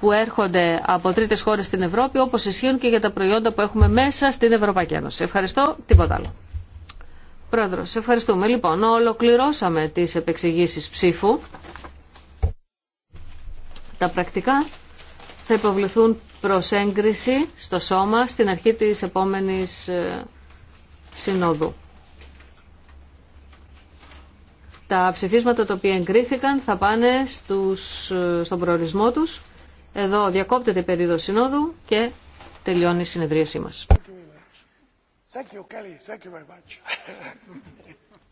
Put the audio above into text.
που έρχονται από τρίτες χώρες στην Ευρώπη, όπως ισχύουν και για τα προϊόντα που έχουμε μέσα στην Ευρωπαϊκή Ένωση. Ευχαριστώ, τίποτα άλλο. Πρόεδρο, ευχαριστούμε. Λοιπόν, ολοκληρώσαμε τις επεξηγήσει ψήφου. Τα πρακτικά θα υποβληθούν προς έγκριση στο σώμα στην αρχή τη επόμενης ε, συνόδου. Τα ψηφίσματα τα οποία εγκρίθηκαν θα πάνε στους, ε, στον προορισμό τους. Εδώ διακόπτεται η περίοδο συνόδου και τελειώνει η συνεδρίασή μας.